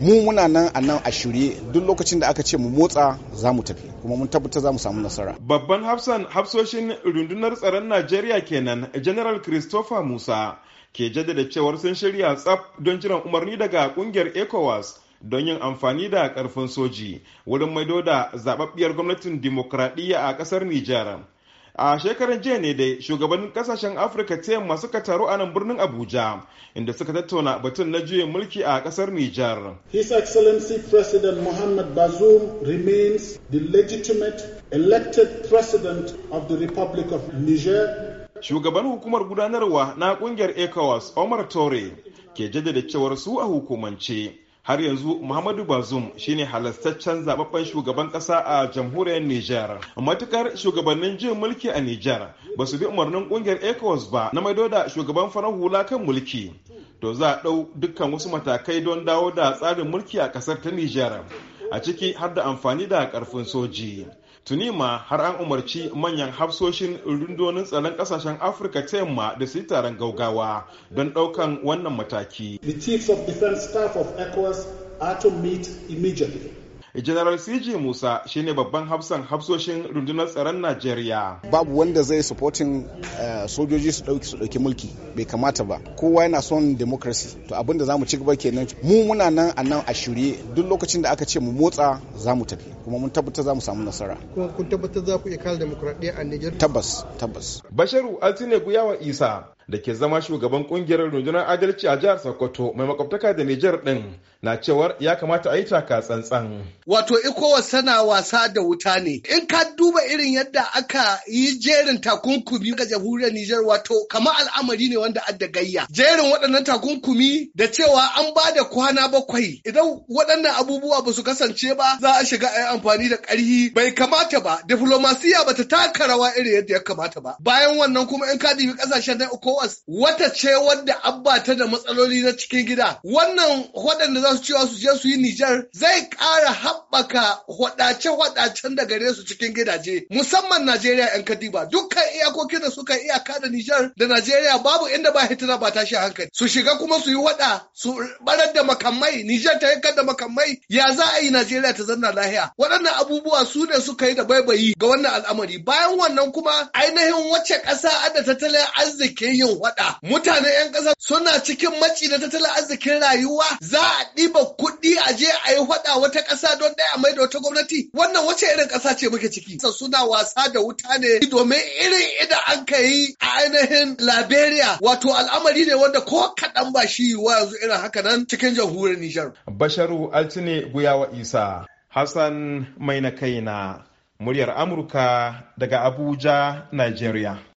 mu muna nan a nan a shirye duk lokacin da aka ce mu motsa za mu tafi kuma mun tabbata za mu samu nasara babban hafsan hafsoshin rundunar tsaron najeriya kenan general christopher musa ke jaddada cewar sun shirya tsaf don jiran umarni daga kungiyar ecowas don yin amfani da karfin soji wurin maido da zababbiyar gwamnatin dimokuraɗiyya a ƙasar nijar a shekaran jiya ne dai shugabannin kasashen afirka ta yamma suka taru a nan birnin abuja inda suka tattauna batun na juyin mulki a kasar nijar his excellency president muhammad bazoum remains the legitimate elected president of the republic of niger shugaban hukumar gudanarwa na kungiyar ecowas omar tore ke jaddada cewar su a hukumance har yanzu muhammadu bazum shine halastaccen zababben shugaban kasa a jamhuriyar Nijar. matukar shugabannin jin mulki a Nijar ba su bi umarnin kungiyar ecowas ba na maido da shugaban farar hula kan mulki to za a ɗau dukkan wasu matakai don dawo da tsarin mulki a ƙasar ta Nijar, a ciki har da amfani da ƙarfin soji tuni ma har an umarci manyan hafsoshin rundunonin tsaron kasashen afirka ta yamma da su yi taron gaugawa don ɗaukan wannan mataki the chiefs of defense staff of ecowas are to meet immediately General CG Musa shine babban hafsan hafsoshin rundunar tsaron Najeriya. Babu wanda zai supporting eh, sojoji su dauki su dauki mulki bai kamata ba. Kowa yana son democracy. To abin da zamu ci gaba kenan mu muna nan a nan a shirye duk lokacin da aka ce mu motsa zamu tafi kuma mun tabbatar zamu samu nasara. Kuma kun tabbatar za ku iya kare demokradiyya a Niger? Tabbas, tabbas. Basharu Altine Guyawa Isa da ke zama shugaban kungiyar rundunar adalci a jihar Sokoto mai makwabtaka da Nijar din na cewar ya kamata a yi taka tsantsan. Wato ECOWAS sana wasa da wuta ne. In ka duba irin yadda aka yi jerin takunkumi ga jamhuriyar Nijar wato kama al'amari ne wanda adda gayya. Jerin waɗannan takunkumi da cewa an ba da kwana bakwai idan waɗannan abubuwa ba su kasance ba za a shiga a yi amfani da ƙarhi bai kamata ba. Diflomasiya ba ta taka rawa irin yadda ya kamata ba. Bayan wannan kuma in ka dubi ƙasashen na ECOWAS ECOWAS wata ce wadda abba ta da matsaloli na cikin gida. Wannan waɗanda za su cewa su je su yi Nijar zai ƙara haɓaka waɗace-waɗacen da gare su cikin gidaje musamman Najeriya 'yan Kadiba dukkan iyakokin da suka iyaka da Nijar da Najeriya babu inda ba hituna ba tashi hankali. Su shiga kuma su yi waɗa su barar da makamai Nijar ta yankar da makamai ya za a yi Najeriya ta zanna lahiya. Waɗannan abubuwa su ne suka yi da baibayi ga wannan al'amari. Bayan wannan kuma ainihin wacce ƙasa adda tattalin arzikin yin wada mutanen 'yan ƙasa suna cikin maci da tattalin arzikin rayuwa za a ɗiba kuɗi a je a yi wada wata ƙasa don ɗaya mai da wata gwamnati wannan wace irin ƙasa ce muke ciki suna wasa da wuta ne domin irin idan an ka yi a ainihin liberia wato al'amari ne wanda ko kaɗan ba shi wa yanzu irin haka nan cikin jamhuriyar nijar basharu altine guyawa isa hassan mai na kaina muryar amurka daga abuja nigeria